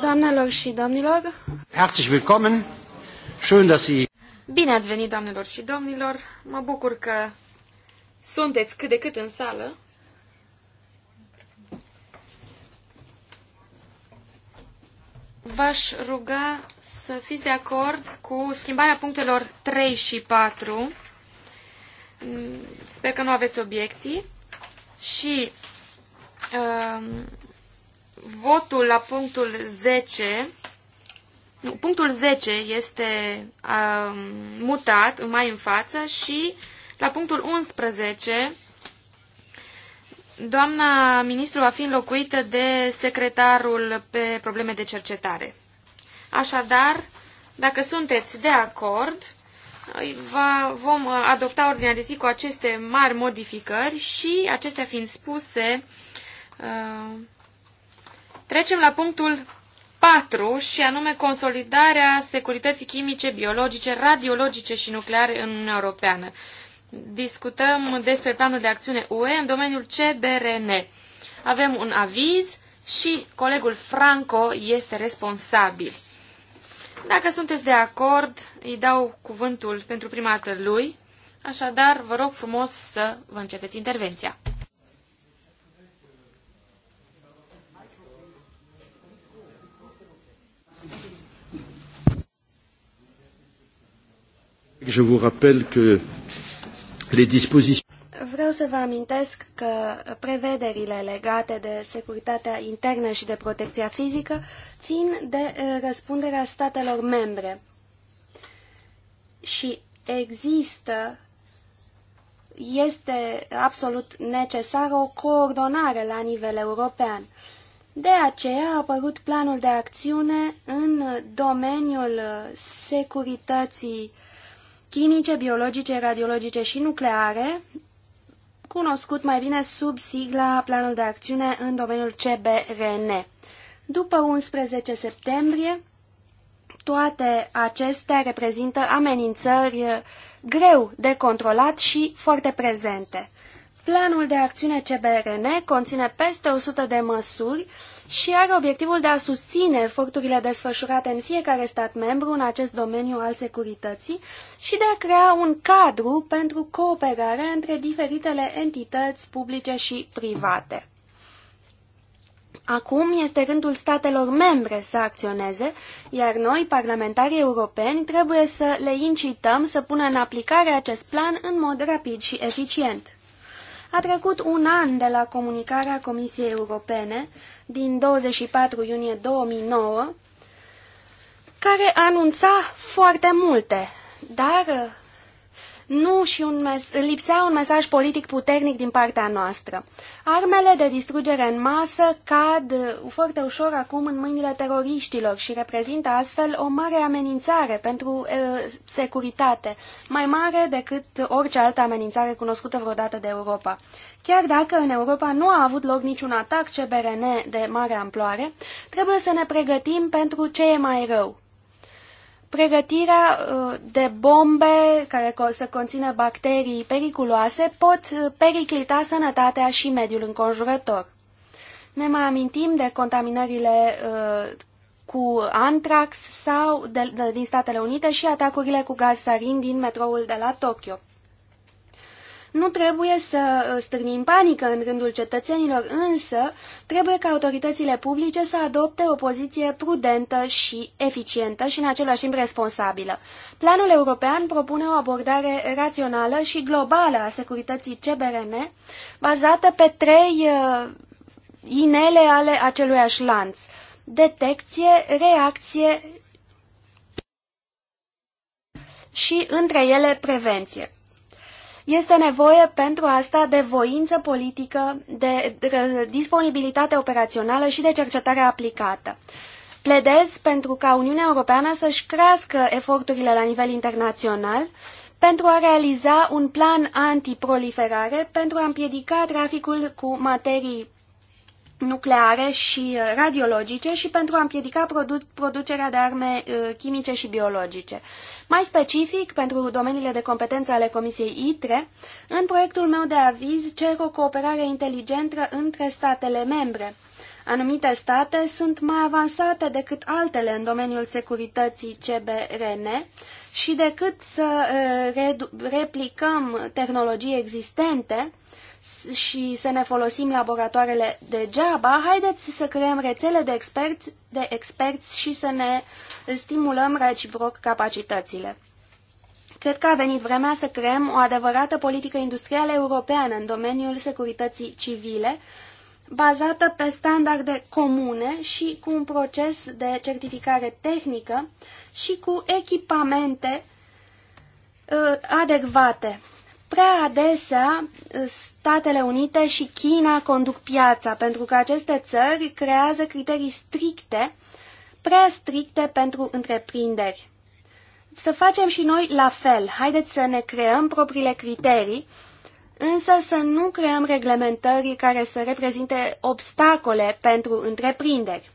Doamnelor și domnilor. Herzlich willkommen. Schön, dass Sie Bine ați venit, doamnelor și domnilor. Mă bucur că sunteți cât de cât în sală. V-aș ruga să fiți de acord cu schimbarea punctelor 3 și 4. Sper că nu aveți obiecții. Și um, votul la punctul 10, nu, punctul 10 este uh, mutat mai în față și la punctul 11 doamna ministru va fi înlocuită de secretarul pe probleme de cercetare. Așadar, dacă sunteți de acord, va, vom uh, adopta ordinea de zi cu aceste mari modificări și acestea fiind spuse, uh, Trecem la punctul 4 și anume consolidarea securității chimice, biologice, radiologice și nucleare în Uniunea Europeană. Discutăm despre planul de acțiune UE în domeniul CBRN. Avem un aviz și colegul Franco este responsabil. Dacă sunteți de acord, îi dau cuvântul pentru prima dată lui. Așadar, vă rog frumos să vă începeți intervenția. Je vous rappelle que les dispositions Vreau să vă amintesc că prevederile legate de securitatea internă și de protecția fizică țin de eh, răspunderea statelor membre. Și există, este absolut necesară o coordonare la nivel european. De aceea a apărut planul de acțiune în domeniul eh, securității chimice, biologice, radiologice și nucleare, cunoscut mai bine sub sigla Planul de Acțiune în domeniul CBRN. După 11 septembrie, toate acestea reprezintă amenințări greu de controlat și foarte prezente. Planul de acțiune CBRN conține peste 100 de măsuri și are obiectivul de a susține eforturile desfășurate în fiecare stat membru în acest domeniu al securității și de a crea un cadru pentru cooperare între diferitele entități publice și private. Acum este rândul statelor membre să acționeze, iar noi, parlamentarii europeni, trebuie să le incităm să pună în aplicare acest plan în mod rapid și eficient. A trecut un an de la comunicarea Comisiei Europene din 24 iunie 2009, care anunța foarte multe, dar nu și un mes- lipsea un mesaj politic puternic din partea noastră. Armele de distrugere în masă cad foarte ușor acum în mâinile teroriștilor și reprezintă astfel o mare amenințare pentru e, securitate, mai mare decât orice altă amenințare cunoscută vreodată de Europa. Chiar dacă în Europa nu a avut loc niciun atac CBRN de mare amploare, trebuie să ne pregătim pentru ce e mai rău. Pregătirea uh, de bombe care să conțină bacterii periculoase pot uh, periclita sănătatea și mediul înconjurător. Ne mai amintim de contaminările uh, cu antrax sau de, de, din Statele Unite și atacurile cu gaz sarin din metroul de la Tokyo. Nu trebuie să uh, stârnim panică în rândul cetățenilor, însă trebuie ca autoritățile publice să adopte o poziție prudentă și eficientă și în același timp responsabilă. Planul european propune o abordare rațională și globală a securității CBRN, bazată pe trei uh, inele ale acelui lanț. Detecție, reacție și între ele prevenție. Este nevoie pentru asta de voință politică, de, de disponibilitate operațională și de cercetare aplicată. Pledez pentru ca Uniunea Europeană să-și crească eforturile la nivel internațional pentru a realiza un plan antiproliferare pentru a împiedica traficul cu materii nucleare și uh, radiologice și pentru a împiedica produ producerea de arme uh, chimice și biologice. Mai specific, pentru domeniile de competență ale Comisiei ITRE, în proiectul meu de aviz cer o cooperare inteligentă între statele membre. Anumite state sunt mai avansate decât altele în domeniul securității CBRN și decât să uh, replicăm tehnologii existente, și să ne folosim laboratoarele degeaba, haideți să creăm rețele de experți, de experți și să ne stimulăm reciproc capacitățile. Cred că a venit vremea să creăm o adevărată politică industrială europeană în domeniul securității civile, bazată pe standarde comune și cu un proces de certificare tehnică și cu echipamente uh, adecvate Prea adesea, uh, Statele Unite și China conduc piața, pentru că aceste țări creează criterii stricte, prea stricte pentru întreprinderi. Să facem și noi la fel. Haideți să ne creăm propriile criterii, însă să nu creăm reglementări care să reprezinte obstacole pentru întreprinderi.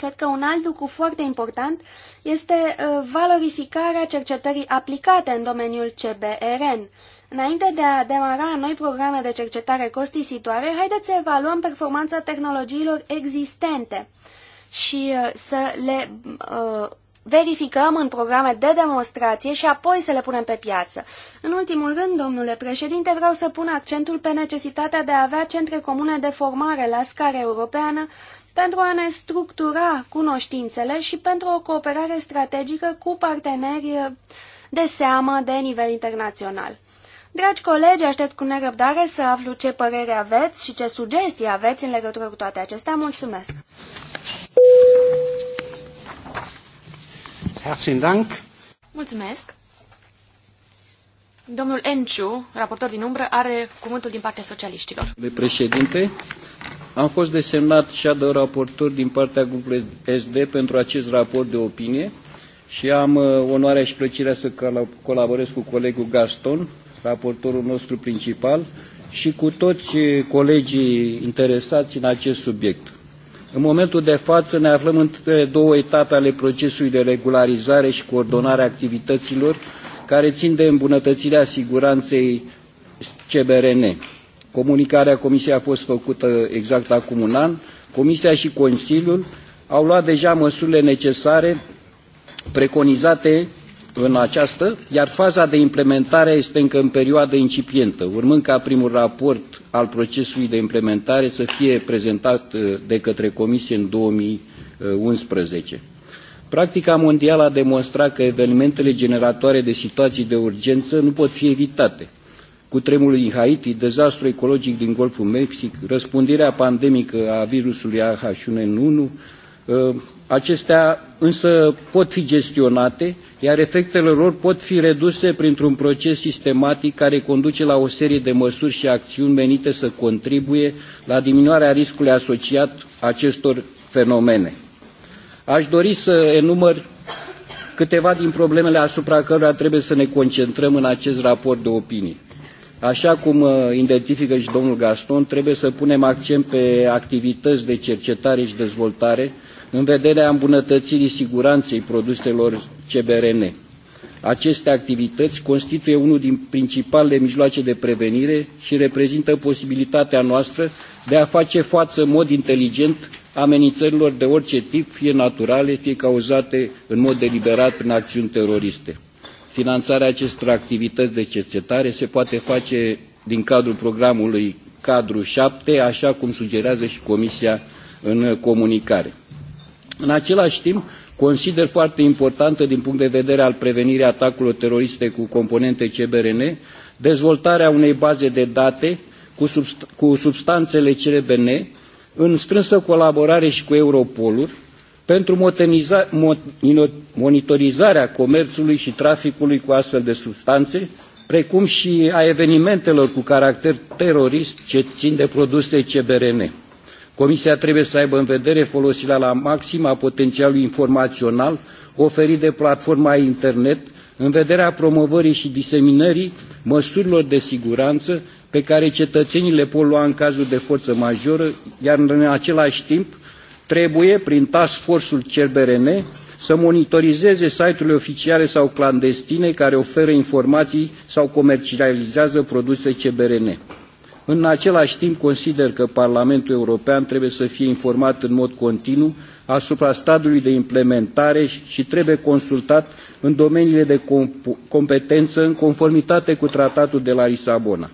Cred că un alt lucru foarte important este uh, valorificarea cercetării aplicate în domeniul CBRN. Înainte de a demara noi programe de cercetare costisitoare, haideți să evaluăm performanța tehnologiilor existente și uh, să le uh, verificăm în programe de demonstrație și apoi să le punem pe piață. În ultimul rând, domnule președinte, vreau să pun accentul pe necesitatea de a avea centre comune de formare la scară europeană pentru a ne structura cunoștințele și pentru o cooperare strategică cu parteneri de seamă de nivel internațional. Dragi colegi, aștept cu nerăbdare să aflu ce părere aveți și ce sugestii aveți în legătură cu toate acestea. Mulțumesc! Herzlichen Dank! Mulțumesc! Domnul Enciu, raportor din umbră, are cuvântul din partea socialiștilor. Președinte, am fost desemnat shadow raportor din partea grupului SD pentru acest raport de opinie și am uh, onoarea și plăcerea să colaborez cu colegul Gaston, raportorul nostru principal, și cu toți uh, colegii interesați în acest subiect. În momentul de față ne aflăm între două etape ale procesului de regularizare și coordonare a activităților care țin de îmbunătățirea siguranței CBRN. Comunicarea Comisiei a fost făcută exact acum un an. Comisia și Consiliul au luat deja măsurile necesare preconizate în această, iar faza de implementare este încă în perioadă incipientă, urmând ca primul raport al procesului de implementare să fie prezentat uh, de către Comisie în 2011. Uh, Practica mondială a demonstrat că evenimentele generatoare de situații de urgență nu pot fi evitate, tremurul din Haiti, dezastru ecologic din Golful Mexic, răspândirea pandemică a virusului AH1N1, ă, acestea însă pot fi gestionate, iar efectele lor pot fi reduse printr-un proces sistematic care conduce la o serie de măsuri și acțiuni menite să contribuie la diminuarea riscului asociat acestor fenomene. Aș dori să enumăr câteva din problemele asupra cărora trebuie să ne concentrăm în acest raport de opinie. Așa cum uh, identifică și domnul Gaston, trebuie să punem accent pe activități de cercetare și dezvoltare în vederea îmbunătățirii siguranței produselor CBRN. Aceste activități constituie unul din principalele mijloace de prevenire și reprezintă posibilitatea noastră de a face față în mod inteligent amenințărilor de orice tip, fie naturale, fie cauzate în mod deliberat prin acțiuni teroriste. Finanțarea acestor activități de cercetare se poate face din cadrul programului cadru 7, așa cum sugerează și Comisia în comunicare. În același timp, consider foarte importantă din punct de vedere al prevenirii atacurilor teroriste cu componente CBRN, dezvoltarea unei baze de date cu, subst cu substanțele CBRN, în strânsă colaborare și cu Europolul, pentru monitorizarea comerțului și traficului cu astfel de substanțe, precum și a evenimentelor cu caracter terorist ce țin de produse CBRN. Comisia trebuie să aibă în vedere folosirea la maxim a potențialului informațional oferit de platforma internet în vederea promovării și diseminării măsurilor de siguranță pe care cetățenii le pot lua în cazul de forță majoră, iar în același timp trebuie, prin task force-ul CBRN, să monitorizeze site-urile oficiale sau clandestine care oferă informații sau comercializează produse CBRN. În același timp, consider că Parlamentul European trebuie să fie informat în mod continuu asupra stadiului de implementare și trebuie consultat în domeniile de competență în conformitate cu tratatul de la Lisabona.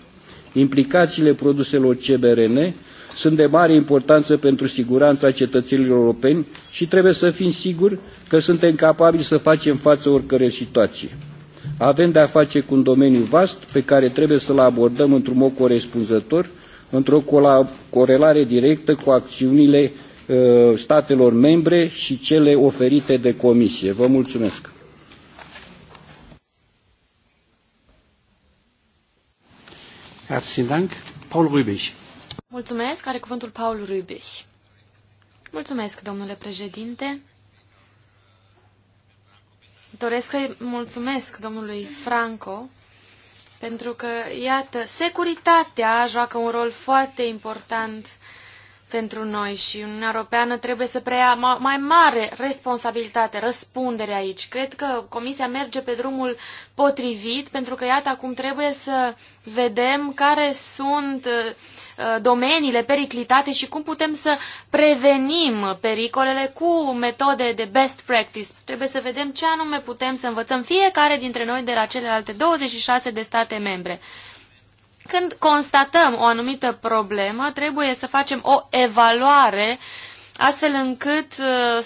Implicațiile produselor CBRN sunt de mare importanță pentru siguranța cetățenilor europeni și trebuie să fim siguri că suntem capabili să facem față oricărei situații. Avem de-a face cu un domeniu vast pe care trebuie să-l abordăm într-un mod corespunzător, într-o corelare directă cu acțiunile uh, statelor membre și cele oferite de comisie. Vă mulțumesc! Herzlichen Dank, Paul Rübig. Mulțumesc. Are cuvântul Paul Rubiș. Mulțumesc, domnule președinte. Doresc să-i mulțumesc domnului Franco pentru că, iată, securitatea joacă un rol foarte important pentru noi și Uniunea Europeană trebuie să preia mai mare responsabilitate, răspundere aici. Cred că Comisia merge pe drumul potrivit, pentru că, iată, acum trebuie să vedem care sunt uh, uh, domeniile periclitate și cum putem să prevenim pericolele cu metode de best practice. Trebuie să vedem ce anume putem să învățăm fiecare dintre noi de la celelalte 26 de state membre. Când constatăm o anumită problemă, trebuie să facem o evaluare astfel încât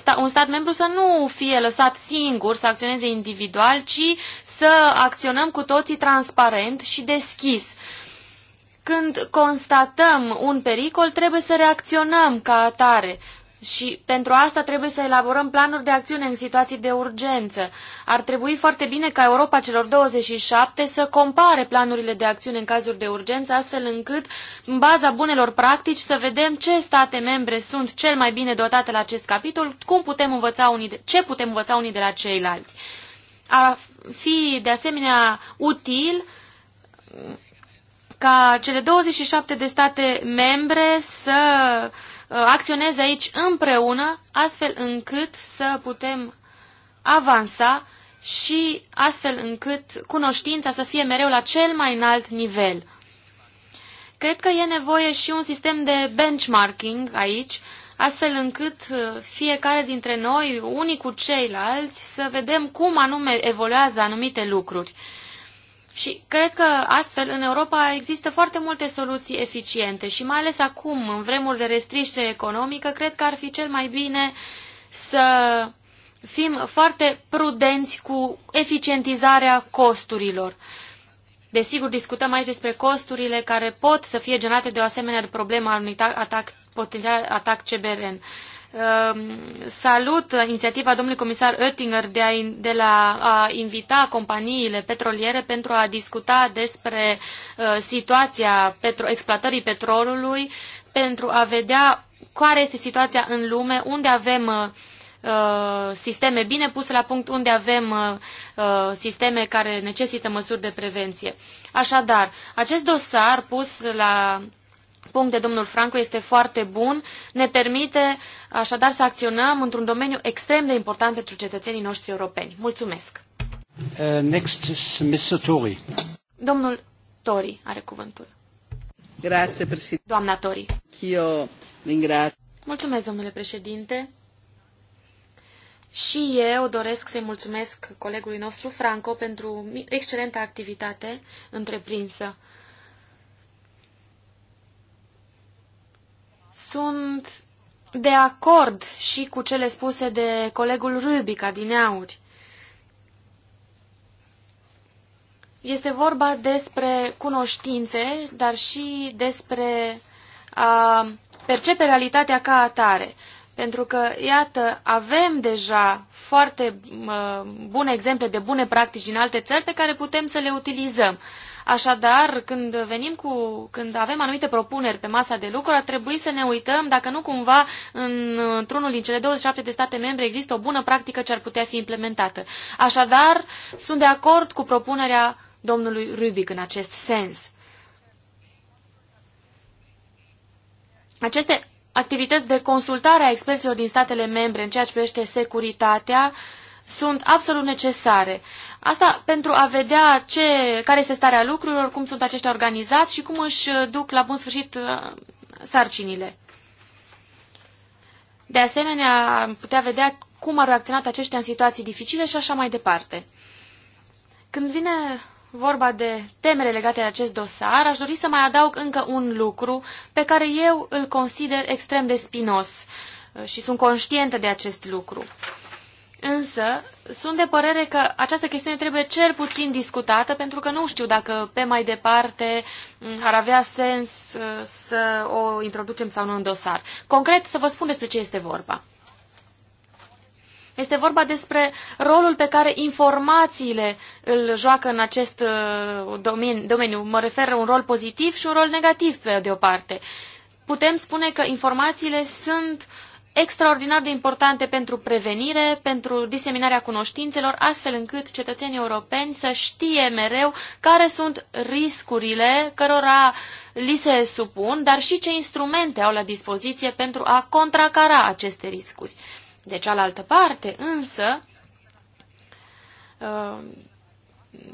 uh, un stat membru să nu fie lăsat singur să acționeze individual, ci să acționăm cu toții transparent și deschis. Când constatăm un pericol, trebuie să reacționăm ca atare. Și pentru asta trebuie să elaborăm planuri de acțiune în situații de urgență. Ar trebui foarte bine ca Europa celor 27 să compare planurile de acțiune în cazuri de urgență, astfel încât, în baza bunelor practici, să vedem ce state membre sunt cel mai bine dotate la acest capitol, cum putem învăța unii de, ce putem învăța unii de la ceilalți. Ar fi, de asemenea, util ca cele 27 de state membre să uh, Uh, acționeze aici împreună, astfel încât să putem avansa și astfel încât cunoștința să fie mereu la cel mai înalt nivel. Cred că e nevoie și un sistem de benchmarking aici, astfel încât uh, fiecare dintre noi, unii cu ceilalți, să vedem cum anume evoluează anumite lucruri. Și cred că astfel în Europa există foarte multe soluții eficiente și mai ales acum, în vremuri de restricție economică, cred că ar fi cel mai bine să fim foarte prudenți cu eficientizarea costurilor. Desigur, discutăm aici despre costurile care pot să fie generate de o asemenea problemă a unui atac, potențial atac CBRN. Ehm, salut inițiativa domnului comisar Oettinger de, a, de la a invita companiile petroliere pentru a discuta despre eh, situația petro, exploatării petrolului, pentru a vedea care este situația în lume, unde avem eh, eh, sisteme bine puse la punct, unde avem sisteme care necesită măsuri de prevenție. Așadar, acest dosar pus la punct de domnul Franco este foarte bun, ne permite așadar să acționăm într-un domeniu extrem de important pentru cetățenii noștri europeni. Mulțumesc! Uh, next, Mr. Tory. Domnul Tori are cuvântul. Grazie, președinte. Doamna Tori. Eu Mulțumesc, domnule președinte. Și eu doresc să-i mulțumesc colegului nostru Franco pentru excelenta activitate întreprinsă. Sunt de acord și cu cele spuse de colegul Rubica din Auri. Este vorba despre cunoștințe, dar și despre a percepe realitatea ca atare. Pentru că, iată, avem deja foarte uh, bune exemple de bune practici din alte țări pe care putem să le utilizăm. Uh, Așadar, când venim cu, când avem anumite propuneri pe masa de lucru, ar trebui să ne uităm dacă nu cumva în, într-unul din cele 27 de state membre există o bună practică ce ar putea fi implementată. Așadar, sunt de acord cu propunerea domnului Rubic în acest sens. Aceste activități de consultare a experților din statele membre în ceea ce privește securitatea sunt absolut necesare. Asta pentru a vedea ce, care este starea lucrurilor, cum sunt aceștia organizați și cum își duc la bun sfârșit uh, sarcinile. De asemenea, putea vedea cum au reacționat aceștia în situații dificile și așa mai departe. Când vine vorba de temele legate de acest dosar, aș dori să mai adaug încă un lucru pe care eu îl consider extrem de spinos uh, și sunt conștientă de acest lucru. Însă, sunt de părere că această chestiune trebuie cel puțin discutată, pentru că nu știu dacă pe mai departe ar avea sens uh, să o introducem sau nu în dosar. Concret, să vă spun despre ce este vorba. Este vorba despre rolul pe care informațiile îl joacă în acest uh, domeniu. Mă refer un rol pozitiv și un rol negativ, pe de o parte. Putem spune că informațiile sunt uh, extraordinar de importante pentru prevenire, pentru diseminarea cunoștințelor, astfel încât cetățenii europeni să știe mereu care sunt riscurile cărora li se supun, dar și ce instrumente au la dispoziție pentru a contracara aceste riscuri. De cealaltă parte, însă, uh,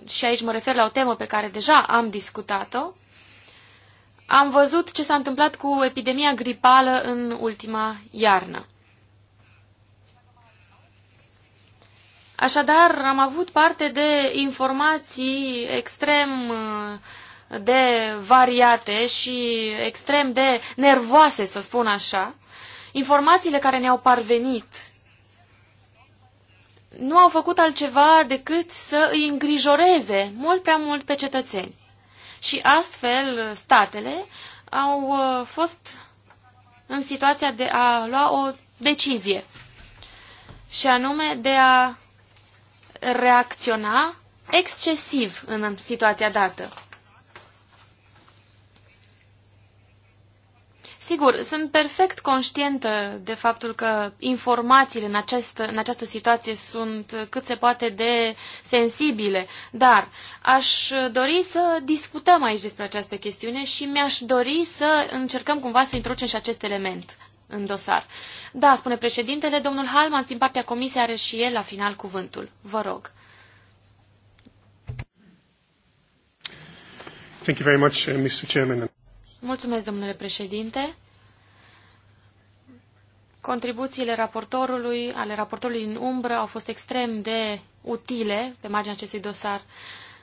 și aici mă refer la o temă pe care deja am discutat-o, am văzut ce s-a întâmplat cu epidemia gripală în ultima iarnă. Așadar, am avut parte de informații extrem uh, de variate și extrem de nervoase, să spun așa. Informațiile care ne-au parvenit nu au făcut altceva decât să îi îngrijoreze mult prea mult pe cetățeni și astfel statele au uh, fost în situația de a lua o decizie și anume de a reacționa excesiv în situația dată. Sigur, sunt perfect conștientă de faptul că informațiile în, acest, în această situație sunt cât se poate de sensibile, dar aș dori să discutăm aici despre această chestiune și mi-aș dori să încercăm cumva să introducem și acest element în dosar. Da, spune președintele, domnul Halman, din partea comisiei are și el la final cuvântul. Vă rog. Thank you very much, uh, Mr. Chairman. Mulțumesc, domnule președinte. Contribuțiile raportorului, ale raportorului în umbră au fost extrem de utile pe marginea acestui dosar.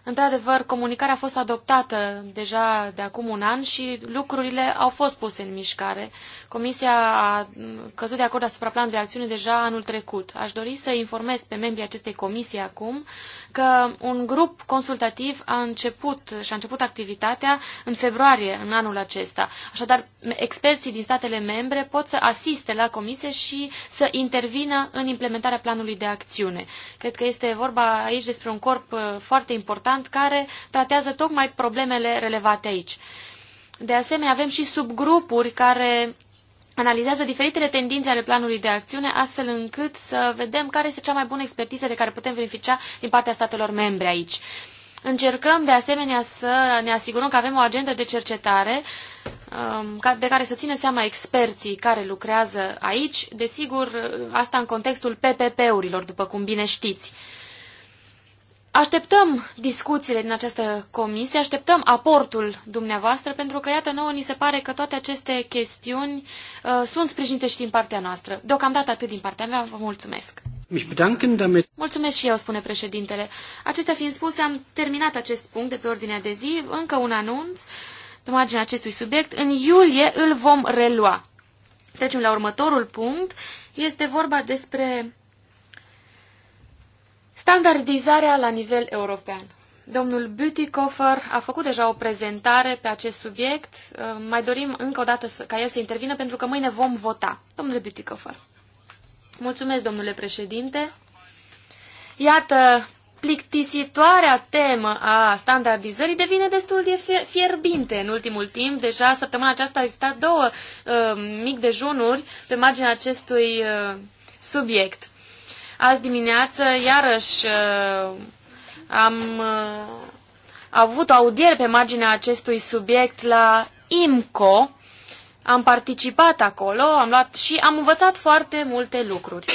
Într-adevăr, comunicarea a fost adoptată deja de acum un an și lucrurile au fost puse în mișcare. Comisia a căzut de acord asupra planului de acțiune deja anul trecut. Aș dori să informez pe membrii acestei comisii acum că un grup consultativ a început și a început activitatea în februarie în anul acesta. Așadar, experții din statele membre pot să asiste la comisie și să intervină în implementarea planului de acțiune. Cred că este vorba aici despre un corp uh, foarte important care tratează tocmai problemele relevate aici. De asemenea, avem și subgrupuri care analizează diferitele tendințe ale planului de acțiune, astfel încât să vedem care este cea mai bună expertiză de care putem beneficia din partea statelor membre aici. Încercăm de asemenea să ne asigurăm că avem o agendă de cercetare um, de care să ține seama experții care lucrează aici, desigur, asta în contextul PPP-urilor, după cum bine știți. Așteptăm discuțiile din această comisie, așteptăm aportul dumneavoastră, pentru că, iată, nouă ni se pare că toate aceste chestiuni uh, sunt sprijinite și din partea noastră. Deocamdată atât din partea mea, vă mulțumesc. Mulțumesc și eu, spune președintele. Acestea fiind spuse, am terminat acest punct de pe ordinea de zi, încă un anunț pe marginea acestui subiect. În iulie îl vom relua. Trecem la următorul punct. Este vorba despre Standardizarea la nivel european. Domnul Bütikofer a făcut deja o prezentare pe acest subiect. Uh, mai dorim încă o dată ca el să intervină pentru că mâine vom vota. Domnule Bütikofer. Mulțumesc, domnule președinte. Iată, plictisitoarea temă a standardizării devine destul de fierbinte în ultimul timp. Deja săptămâna aceasta au existat două uh, mic dejunuri pe marginea acestui uh, subiect. Azi dimineață, iarăși, uh, am uh, avut o audiere pe marginea acestui subiect la IMCO. Am participat acolo, am luat și am învățat foarte multe lucruri.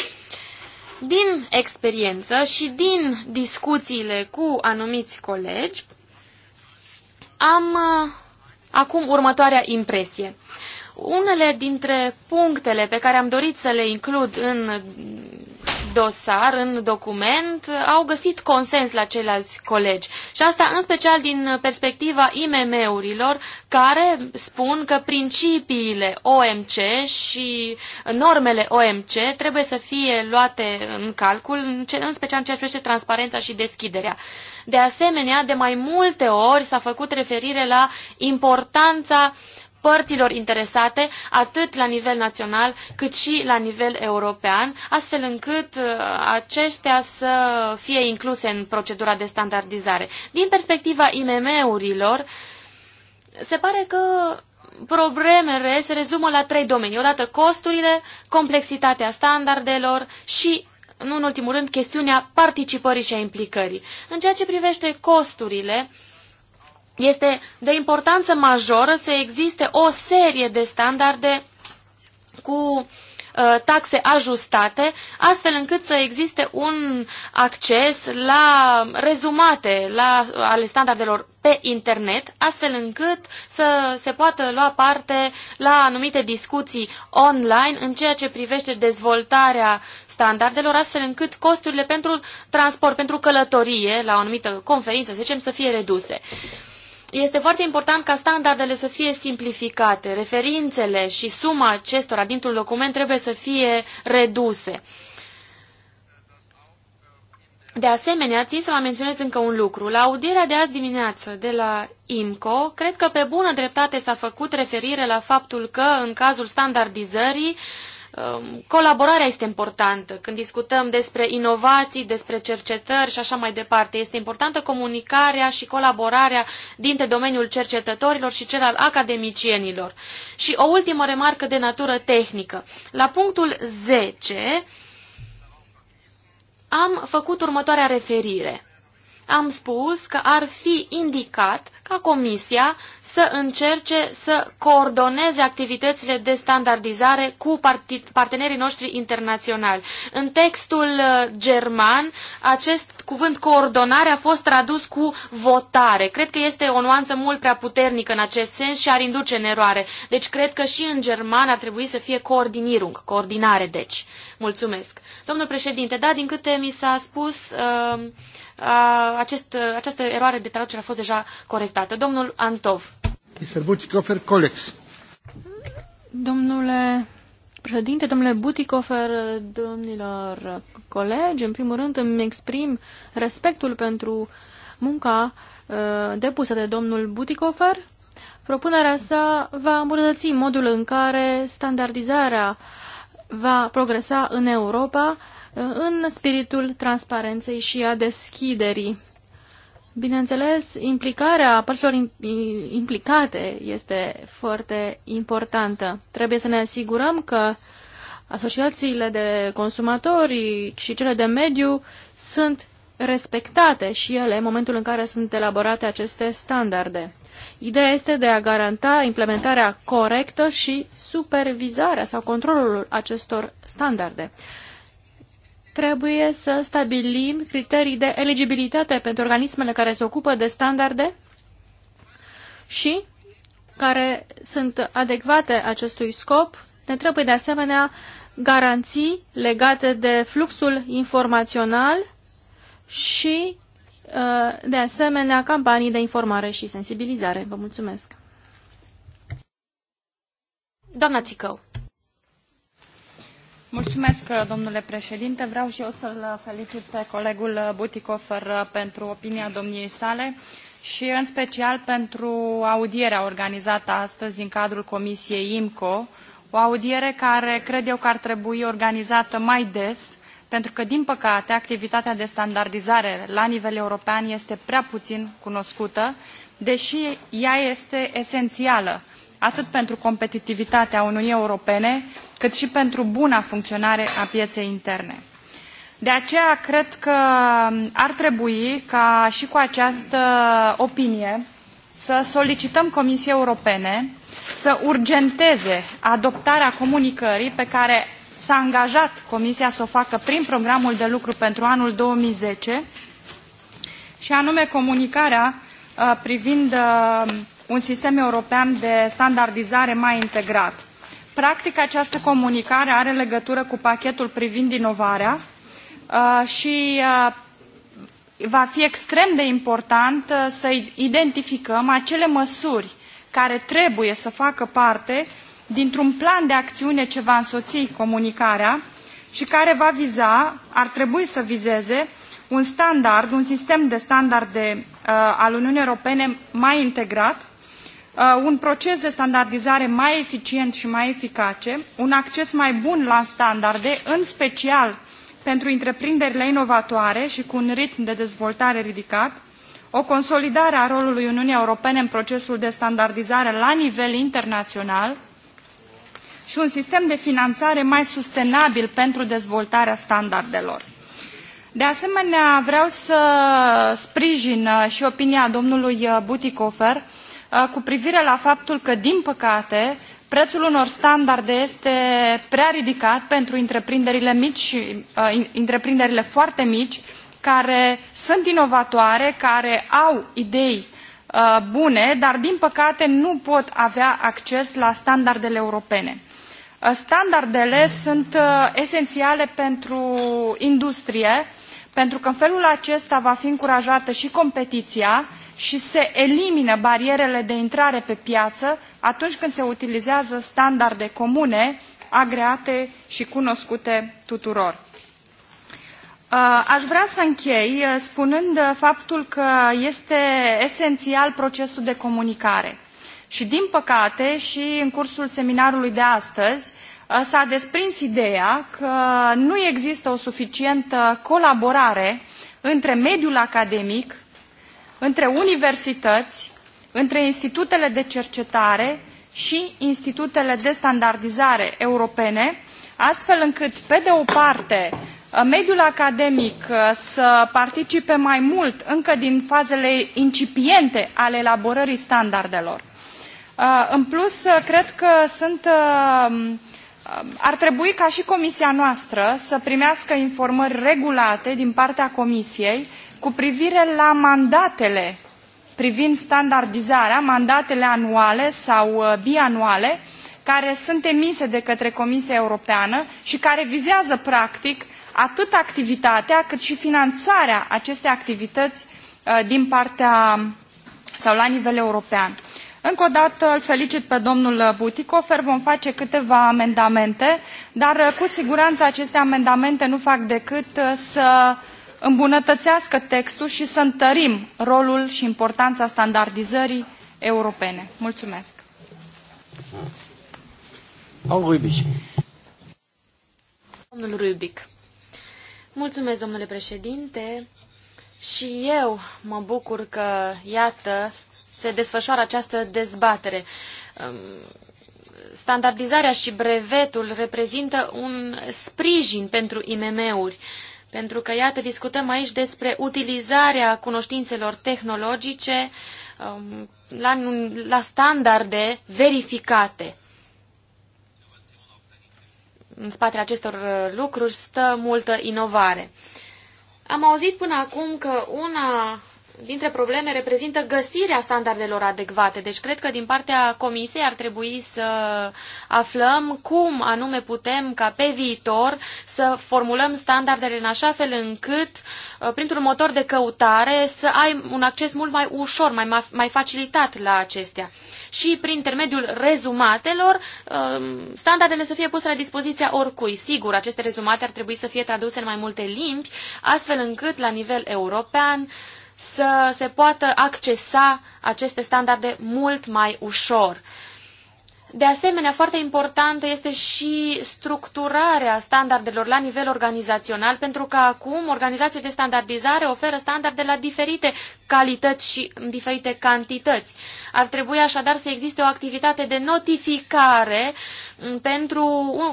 Din experiență și din discuțiile cu anumiți colegi, am uh, acum următoarea impresie. Unele dintre punctele pe care am dorit să le includ în dosar, în document, au găsit consens la ceilalți colegi. Și asta în special din perspectiva IMM-urilor, care spun că principiile OMC și normele OMC trebuie să fie luate în calcul, în special în ceea ce privește transparența și deschiderea. De asemenea, de mai multe ori s-a făcut referire la importanța părților interesate, atât la nivel național, cât și la nivel european, astfel încât uh, acestea să fie incluse în procedura de standardizare. Din perspectiva IMM-urilor, se pare că problemele se rezumă la trei domenii. Odată costurile, complexitatea standardelor și nu în ultimul rând, chestiunea participării și a implicării. În ceea ce privește costurile, uh, este de importanță majoră să existe o serie de standarde cu uh, taxe ajustate, astfel încât să existe un acces la rezumate la, ale standardelor pe internet, astfel încât să se poată lua parte la anumite discuții online în ceea ce privește dezvoltarea standardelor, astfel încât costurile pentru transport, pentru călătorie la o anumită conferință, să zicem, să fie reduse. Este foarte important ca standardele să fie simplificate, referințele și suma acestora dintr-un document trebuie să fie reduse. De asemenea, țin să mai menționez încă un lucru. La audierea de azi dimineață de la IMCO, cred că pe bună dreptate s-a făcut referire la faptul că, în cazul standardizării, uh, Um, colaborarea este importantă când discutăm despre inovații, despre cercetări și așa mai departe. Este importantă comunicarea și colaborarea dintre domeniul cercetătorilor și cel al academicienilor. Și o ultimă remarcă de natură tehnică. La punctul 10 am făcut următoarea referire. Am spus că ar fi indicat ca Comisia să încerce să coordoneze activitățile de standardizare cu partenerii noștri internaționali. În textul uh, german, acest cuvânt coordonare a fost tradus cu votare. Cred că este o nuanță mult prea puternică în acest sens și ar induce în eroare. Deci cred că și în german ar trebui să fie coordinirung, coordinare deci. Mulțumesc. Domnul președinte, da, din câte mi s-a spus, uh, uh, acest, uh, această eroare de traducere a fost deja corectată. Domnul Antov. Butikofer Colex. Domnule președinte, domnule Butikofer, domnilor colegi, în primul rând îmi exprim respectul pentru munca uh, depusă de domnul Butikofer. Propunerea sa va îmbunătăți modul în care standardizarea uh, va progresa în Europa uh, în spiritul transparenței și a deschiderii. Bineînțeles, implicarea părților implicate este foarte importantă. Trebuie să ne asigurăm că asociațiile de consumatori și cele de mediu sunt respectate și ele în momentul în care sunt elaborate aceste standarde. Ideea este de a garanta implementarea corectă și supervizarea sau controlul acestor standarde. Trebuie să stabilim criterii de eligibilitate pentru organismele care se ocupă de standarde și care sunt adecvate acestui scop. Ne trebuie de asemenea garanții legate de fluxul informațional și, uh, de asemenea, campanii de informare și sensibilizare. Vă mulțumesc! Doamna Țicău! Mulțumesc, uh, domnule președinte. Vreau și eu să-l felicit pe colegul Butikofer uh, pentru opinia domniei sale și în special pentru audierea organizată astăzi în cadrul Comisiei IMCO, o audiere care cred eu că ar trebui organizată mai des pentru că, din păcate, activitatea de standardizare la nivel european este prea puțin cunoscută, deși ea este esențială atât pentru competitivitatea Uniunii Europene, cât și pentru buna funcționare a pieței interne. De aceea cred că ar trebui ca și cu această opinie să solicităm Comisiei Europene să urgenteze adoptarea comunicării pe care s-a angajat Comisia să o facă prin programul de lucru pentru anul 2010 și anume comunicarea uh, privind uh, un sistem european de standardizare mai integrat. Practic, această comunicare are legătură cu pachetul privind inovarea uh, și va fi extrem de important să identificăm acele măsuri care trebuie să facă parte dintr-un plan de acțiune ce va însoți comunicarea și care va viza, ar trebui să vizeze, un standard, un sistem de standarde uh, al Uniunii Europene mai integrat, uh, un proces de standardizare mai eficient și mai eficace, un acces mai bun la standarde, în special pentru întreprinderile inovatoare și cu un ritm de dezvoltare ridicat, o consolidare a rolului Uniunii Europene în procesul de standardizare la nivel internațional, și un sistem de finanțare mai sustenabil pentru dezvoltarea standardelor. De asemenea, vreau să sprijin uh, și opinia domnului uh, Butikofer uh, cu privire la faptul că, din păcate, prețul unor standarde este prea ridicat pentru întreprinderile mici întreprinderile foarte mici, care sunt inovatoare, care au idei bune, dar din păcate nu pot avea acces la standardele europene. Uh, standardele sunt uh, esențiale pentru industrie, pentru că în felul acesta va fi încurajată și competiția și se elimină barierele de intrare pe piață atunci când se utilizează standarde comune, agreate și cunoscute tuturor. Uh, aș vrea să închei spunând faptul că este esențial procesul de comunicare. Și din păcate și în cursul seminarului de astăzi ă, s-a desprins ideea că nu există o suficientă colaborare între mediul academic, între universități, între institutele de cercetare și institutele de standardizare europene, astfel încât, pe de o parte, ă, mediul academic ă, să participe mai mult încă din fazele incipiente ale elaborării standardelor Uh, în plus, uh, cred că sunt, uh, um, ar trebui ca și comisia noastră să primească informări regulate din partea comisiei cu privire la mandatele privind standardizarea, mandatele anuale sau bianuale, care sunt emise de către Comisia Europeană și care vizează, practic, atât activitatea cât și finanțarea acestei activități din partea sau la nivel european. Încă o dată îl felicit pe domnul uh, Buticofer, vom face câteva amendamente, dar uh, cu siguranță aceste amendamente nu fac decât uh, să îmbunătățească textul și să întărim rolul și importanța standardizării europene. Mulțumesc! Domnul Rubic. Mulțumesc, domnule președinte. Și eu mă bucur că, iată, se desfășoară această dezbatere. Um, standardizarea și brevetul reprezintă un sprijin pentru IMM-uri, pentru că, iată, discutăm aici despre utilizarea cunoștințelor tehnologice um, la, la standarde verificate în spatele acestor lucruri stă multă inovare. Am auzit până acum că una dintre probleme reprezintă găsirea standardelor adecvate. Deci cred că din partea Comisiei ar trebui să aflăm cum anume putem ca pe viitor să formulăm standardele în așa fel încât uh, printr-un motor de căutare să ai un acces mult mai ușor, mai, mai facilitat la acestea. Și prin intermediul rezumatelor, um, standardele să fie puse la dispoziția oricui. Sigur, aceste rezumate ar trebui să fie traduse în mai multe limbi, astfel încât la nivel european să se poată accesa aceste standarde mult mai ușor. De asemenea, foarte importantă este și structurarea standardelor la nivel organizațional, pentru că acum organizațiile de standardizare oferă standarde la diferite calități și diferite cantități. Ar trebui așadar să existe o activitate de notificare mm, pentru,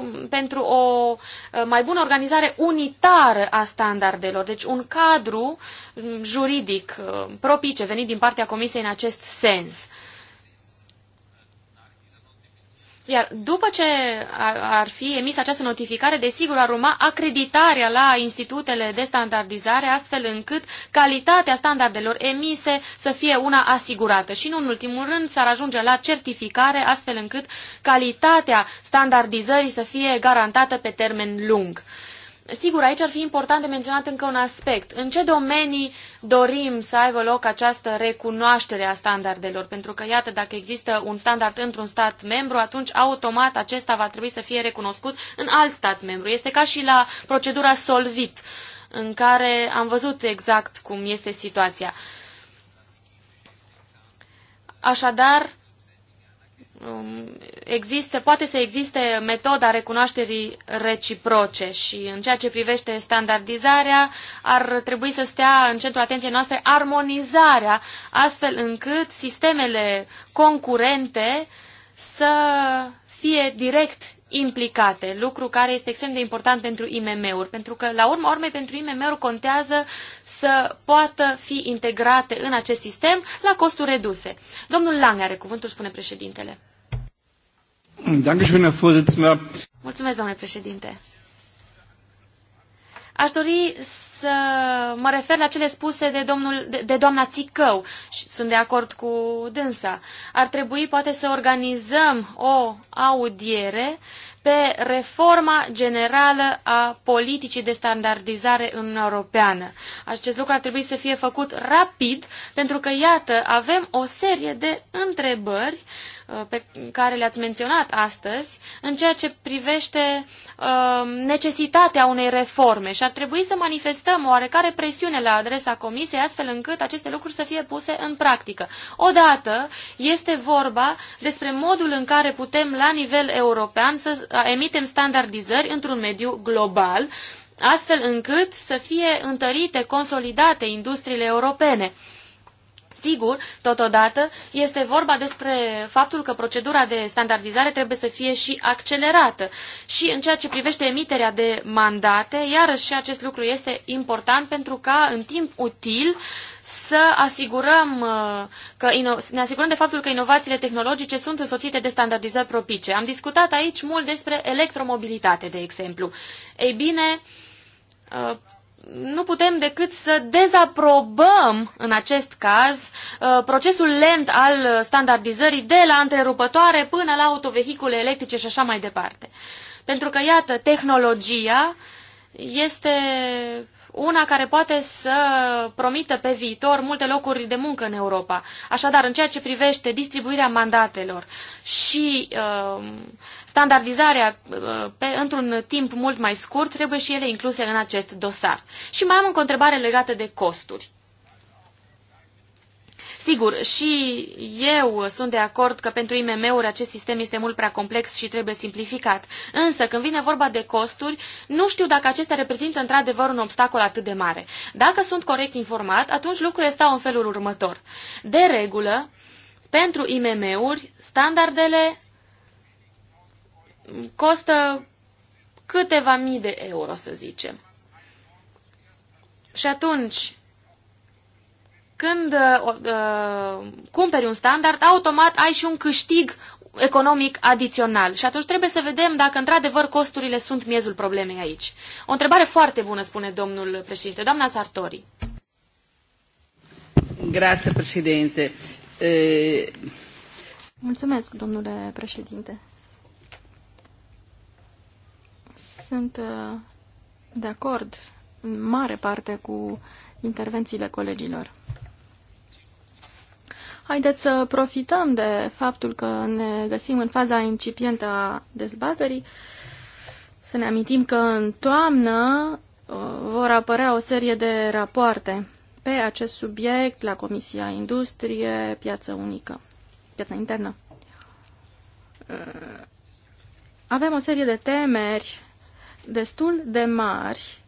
mm, pentru o eh, mai bună organizare unitară a standardelor, deci un cadru mm, juridic eh, propice venit din partea Comisiei în acest sens. Iar după ce ar fi emis această notificare, desigur ar urma acreditarea la institutele de standardizare, astfel încât calitatea standardelor emise să fie una asigurată. Și nu în ultimul rând s-ar ajunge la certificare, astfel încât calitatea standardizării să fie garantată pe termen lung. Sigur, aici ar fi important de menționat încă un aspect. În ce domenii dorim să aibă loc această recunoaștere a standardelor? Pentru că, iată, dacă există un standard într-un stat membru, atunci automat acesta va trebui să fie recunoscut în alt stat membru. Este ca și la procedura Solvit, în care am văzut exact cum este situația. Așadar, Um, existe, poate să existe metoda recunoașterii reciproce și în ceea ce privește standardizarea ar trebui să stea în centrul atenției noastre armonizarea, astfel încât sistemele concurente să fie direct implicate, lucru care este extrem de important pentru IMM-uri, pentru că, la urma urmei, pentru IMM-uri contează să poată fi integrate în acest sistem la costuri reduse. Domnul Lange are cuvântul, spune președintele. Mulțumesc, domnule președinte. Aș dori să mă refer la cele spuse de, domnul, de, de doamna Țicău. Sunt de acord cu dânsa. Ar trebui poate să organizăm o audiere pe reforma generală a politicii de standardizare în Uniunea Europeană. Acest lucru ar trebui să fie făcut rapid, pentru că, iată, avem o serie de întrebări uh, Uh, pe care le-ați menționat astăzi în ceea ce privește uh, necesitatea unei reforme și ar trebui să manifestăm oarecare presiune la adresa Comisiei astfel încât aceste lucruri să fie puse în practică. Odată este vorba despre modul în care putem la nivel european să emitem standardizări într-un mediu global, astfel încât să fie întărite, consolidate industriile europene. Sigur, totodată, este vorba despre faptul că procedura de standardizare trebuie să fie și accelerată. Și în ceea ce privește emiterea de mandate, iarăși acest lucru este important pentru ca în timp util să asigurăm uh, că ne asigurăm de faptul că inovațiile tehnologice sunt însoțite de standardizări propice. Am discutat aici mult despre electromobilitate, de exemplu. Ei bine, uh, nu putem decât să dezaprobăm, în acest caz, uh, procesul lent al standardizării de la întrerupătoare până la autovehicule electrice și așa mai departe. Pentru că, iată, tehnologia este una care poate să promită pe viitor multe locuri de muncă în Europa. Așadar, în ceea ce privește distribuirea mandatelor și uh, standardizarea uh, pe, într-un timp mult mai scurt, trebuie și ele incluse în acest dosar. Și mai am încă o întrebare legată de costuri. Sigur, și eu sunt de acord că pentru IMM-uri acest sistem este mult prea complex și trebuie simplificat. Însă, când vine vorba de costuri, nu știu dacă acestea reprezintă într-adevăr un obstacol atât de mare. Dacă sunt corect informat, atunci lucrurile stau în felul următor. De regulă, pentru IMM-uri, standardele costă câteva mii de euro, să zicem. Și atunci, când uh, uh, cumperi un standard, automat ai și un câștig economic adițional. Și atunci trebuie să vedem dacă într-adevăr costurile sunt miezul problemei aici. O întrebare foarte bună, spune domnul președinte. Doamna Sartori. Grazie, președinte. E... Mulțumesc, domnule președinte. Sunt uh, de acord în mare parte cu intervențiile colegilor. Haideți să profităm de faptul că ne găsim în faza incipientă a dezbaterii, să ne amintim că în toamnă uh, vor apărea o serie de rapoarte pe acest subiect la Comisia Industrie, Piață Unică, Piața Internă. Uh, avem o serie de temeri destul de mari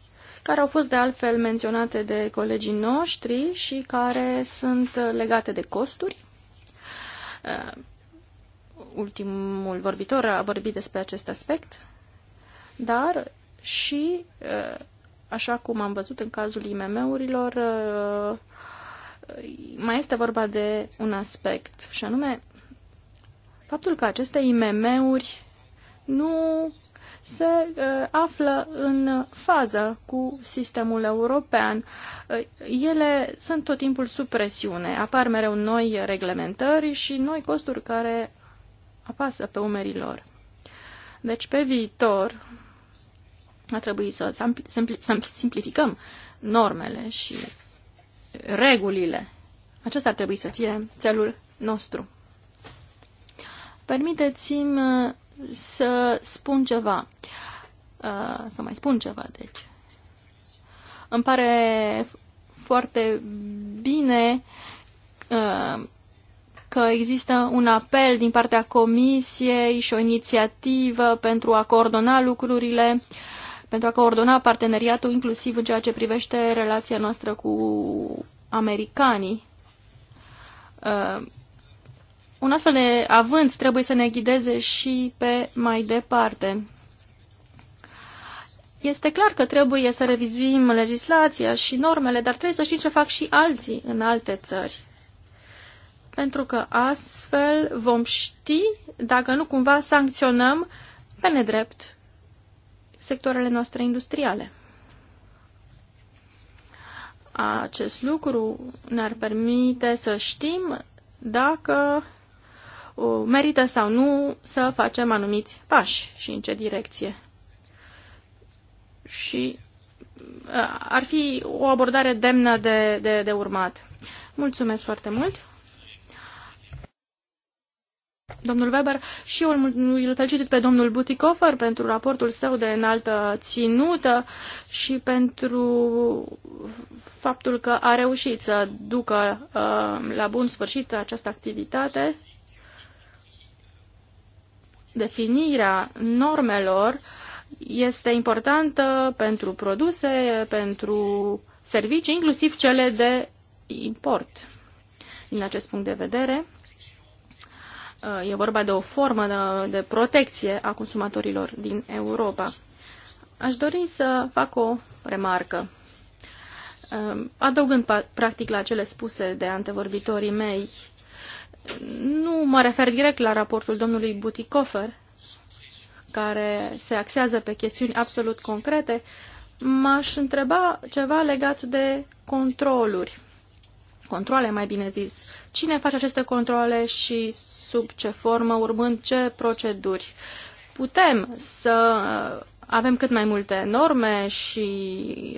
care au fost de altfel menționate de colegii noștri și care sunt legate de costuri. Uh, ultimul vorbitor a vorbit despre acest aspect, dar și, uh, așa cum am văzut în cazul IMM-urilor, uh, mai este vorba de un aspect, și anume faptul că aceste IMM-uri nu se uh, află în fază cu sistemul european. Uh, ele sunt tot timpul sub presiune, apar mereu noi reglementări și noi costuri care apasă pe umerii lor. Deci, pe viitor, a trebuit să simplificăm normele și regulile. Acesta ar trebui să fie țelul nostru. Permiteți-mi uh, să spun ceva. Uh, să mai spun ceva, deci. Îmi pare foarte bine uh, că există un apel din partea Comisiei și o inițiativă pentru a coordona lucrurile, pentru a coordona parteneriatul inclusiv în ceea ce privește relația noastră cu americanii. Uh, un astfel de avânt trebuie să ne ghideze și pe mai departe. Este clar că trebuie să revizuim legislația și normele, dar trebuie să știm ce fac și alții în alte țări. Pentru că astfel vom ști dacă nu cumva sancționăm pe nedrept sectoarele noastre industriale. Acest lucru ne-ar permite să știm dacă merită sau nu să facem anumiți pași și în ce direcție. Și ar fi o abordare demnă de, de, de urmat. Mulțumesc foarte mult! Domnul Weber și eu îl felicit pe domnul Butikofer pentru raportul său de înaltă ținută și pentru faptul că a reușit să ducă uh, la bun sfârșit această activitate definirea normelor este importantă pentru produse, pentru servicii, inclusiv cele de import. Din acest punct de vedere, e vorba de o formă de protecție a consumatorilor din Europa. Aș dori să fac o remarcă. Adăugând practic la cele spuse de antevorbitorii mei, nu mă refer direct la raportul domnului Butikofer, care se axează pe chestiuni absolut concrete, m-aș întreba ceva legat de controluri. Controle, mai bine zis. Cine face aceste controle și sub ce formă, urmând ce proceduri? Putem să avem cât mai multe norme și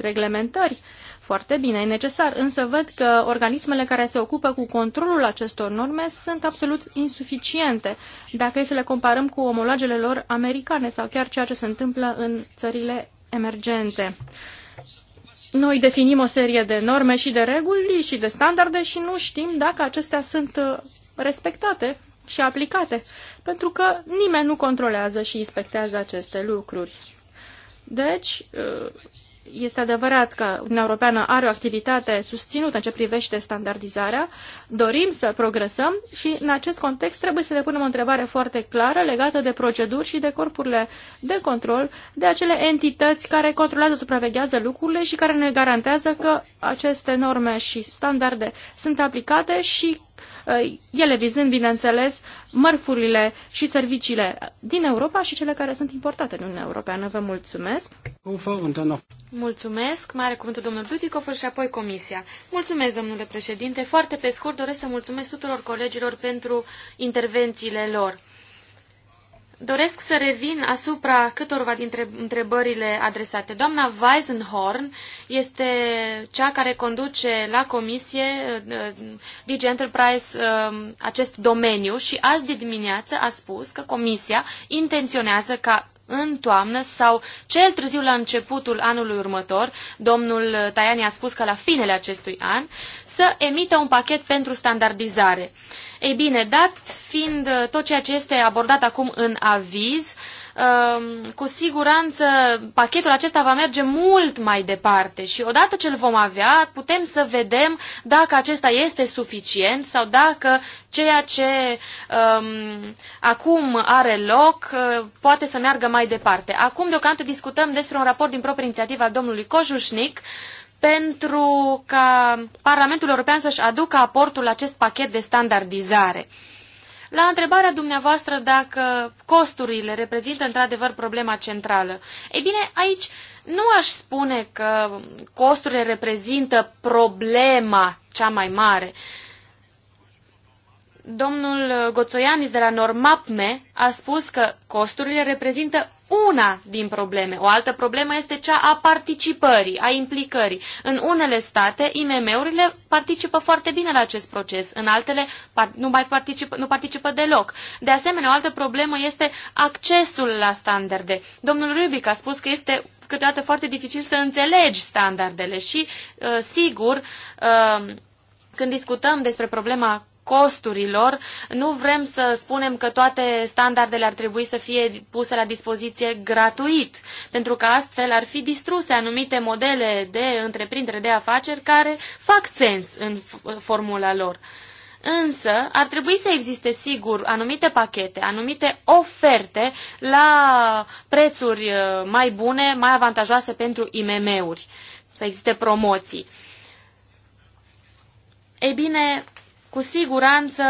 reglementări, foarte bine, e necesar, însă văd că organismele care se ocupă cu controlul acestor norme sunt absolut insuficiente dacă e să le comparăm cu omologele lor americane sau chiar ceea ce se întâmplă în țările emergente. Noi definim o serie de norme și de reguli și de standarde și nu știm dacă acestea sunt uh, respectate și aplicate, pentru că nimeni nu controlează și inspectează aceste lucruri. Deci, uh, este adevărat că Uniunea Europeană are o activitate susținută în ce privește standardizarea, dorim să progresăm și în acest context trebuie să ne punem o întrebare foarte clară legată de proceduri și de corpurile de control, de acele entități care controlează, supraveghează lucrurile și care ne garantează că aceste norme și standarde sunt aplicate și Uh, ele vizând, bineînțeles, mărfurile și serviciile din Europa și cele care sunt importate din Uniunea Europeană. Vă mulțumesc! Mulțumesc! Mare cuvântul domnul Butikofer și apoi Comisia. Mulțumesc, domnule președinte! Foarte pe scurt doresc să mulțumesc tuturor colegilor pentru intervențiile lor doresc să revin asupra câtorva dintre întrebările adresate. Doamna Weisenhorn este cea care conduce la comisie uh, uh, DG Enterprise um, acest domeniu și azi de dimineață a spus că comisia intenționează ca în toamnă sau cel târziu la începutul anului următor, domnul Taiani a spus că la finele acestui an, să emită un pachet pentru standardizare. Uh, ei bine, dat fiind uh, tot ceea ce este abordat acum în aviz, um, cu siguranță pachetul acesta va merge mult mai departe și odată ce îl vom avea, putem să vedem dacă acesta este suficient sau dacă ceea ce um, acum are loc uh, poate să meargă mai departe. Acum deocamdată discutăm despre un raport din proprie inițiativă a domnului Cojușnic uh, pentru ca Parlamentul European să-și aducă aportul la acest pachet de standardizare. La întrebarea dumneavoastră dacă costurile reprezintă într-adevăr problema centrală, ei bine, aici nu aș spune că costurile reprezintă problema cea mai mare. Domnul Goțoianis de la Normapme a spus că costurile reprezintă una din probleme. O altă problemă este cea a participării, a implicării. În unele state, IMM-urile participă foarte bine la acest proces, în altele nu, mai participă, nu participă deloc. De asemenea, o altă problemă este accesul la standarde. Domnul Rubic a spus că este câteodată foarte dificil să înțelegi standardele și, uh, sigur, uh, când discutăm despre problema costurilor. Nu vrem să spunem că toate standardele ar trebui să fie puse la dispoziție gratuit, pentru că astfel ar fi distruse anumite modele de întreprindere de afaceri care fac sens în formula lor. Însă, ar trebui să existe, sigur, anumite pachete, anumite oferte la prețuri uh, mai bune, mai avantajoase pentru IMM-uri, să existe promoții. Ei bine, cu siguranță,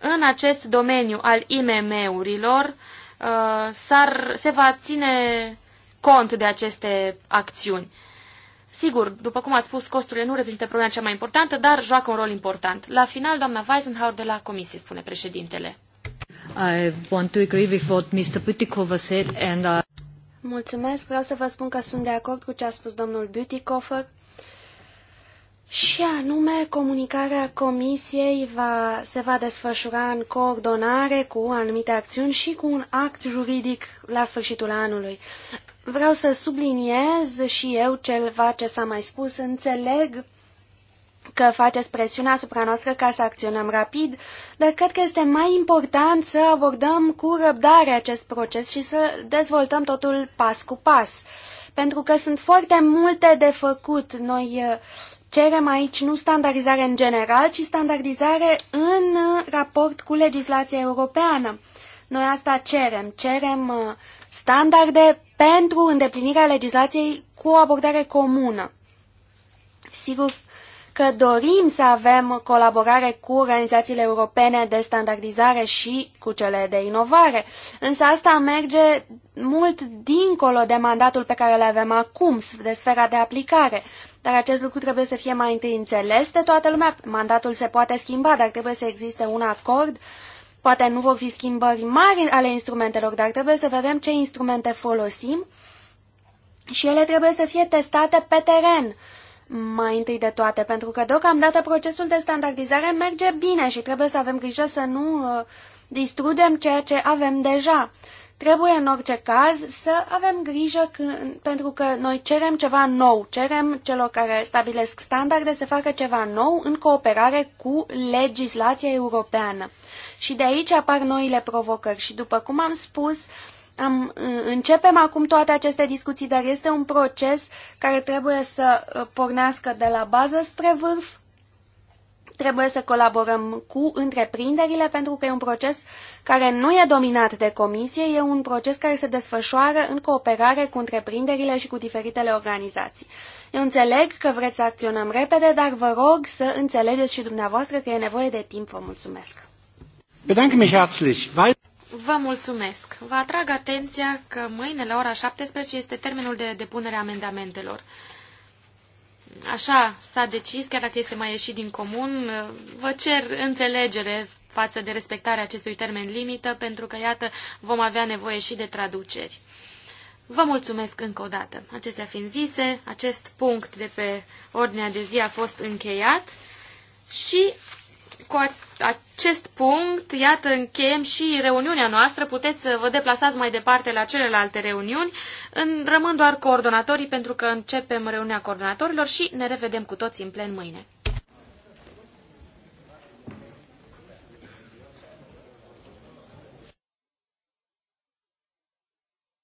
în acest domeniu al IMM-urilor, uh, se va ține cont de aceste acțiuni. Sigur, după cum ați spus, costurile nu reprezintă problema cea mai importantă, dar joacă un rol important. La final, doamna Weisenhauer de la Comisie, spune președintele. I want to agree with what Mr. Butikofer said and I... Mulțumesc, vreau să vă spun că sunt de acord cu ce a spus domnul Butikofer și anume, comunicarea Comisiei va, se va desfășura în coordonare cu anumite acțiuni și cu un act juridic la sfârșitul anului. Vreau să subliniez și eu ceva ce s-a mai spus. Înțeleg că faceți presiune asupra noastră ca să acționăm rapid, dar cred că este mai important să abordăm cu răbdare acest proces și să dezvoltăm totul pas cu pas. Pentru că sunt foarte multe de făcut. Noi uh, Cerem aici nu standardizare în general, ci standardizare în uh, raport cu legislația europeană. Noi asta cerem. Cerem uh, standarde pentru îndeplinirea legislației cu o abordare comună. Sigur că dorim să avem colaborare cu organizațiile europene de standardizare și cu cele de inovare, însă asta merge mult dincolo de mandatul pe care le avem acum, de sfera de aplicare. Dar acest lucru trebuie să fie mai întâi înțeles de toată lumea. Mandatul se poate schimba, dar trebuie să existe un acord Poate nu vor fi schimbări mari ale instrumentelor, dar trebuie să vedem ce instrumente folosim și ele trebuie să fie testate pe teren mai întâi de toate, pentru că deocamdată procesul de standardizare merge bine și trebuie să avem grijă să nu uh, distrugem ceea ce avem deja. Trebuie în orice caz să avem grijă că, pentru că noi cerem ceva nou, cerem celor care stabilesc standarde să facă ceva nou în cooperare cu legislația europeană. Și de aici apar noile provocări și după cum am spus, uh, am, uh, începem acum toate aceste discuții, dar este un proces care trebuie să uh, pornească de la bază spre vârf. Trebuie să colaborăm cu întreprinderile pentru că e un proces care nu e dominat de comisie, e un proces care se desfășoară în cooperare cu întreprinderile și cu diferitele organizații. Eu înțeleg că vreți să acționăm repede, dar vă rog să înțelegeți și dumneavoastră că e nevoie de timp. Vă mulțumesc! Bedanke mich herzlich. Vă mulțumesc. Vă atrag atenția că mâine la ora 17 este termenul de depunere a amendamentelor. Așa s-a decis, chiar dacă este mai ieșit din comun. Vă cer înțelegere față de respectarea acestui termen limită, pentru că, iată, vom avea nevoie și de traduceri. Vă mulțumesc încă o dată. Acestea fiind zise, acest punct de pe ordinea de zi a fost încheiat și cu acest punct, iată, încheiem și reuniunea noastră. Puteți să vă deplasați mai departe la celelalte reuniuni. În, rămân doar coordonatorii pentru că începem reuniunea coordonatorilor și ne revedem cu toți în plen mâine.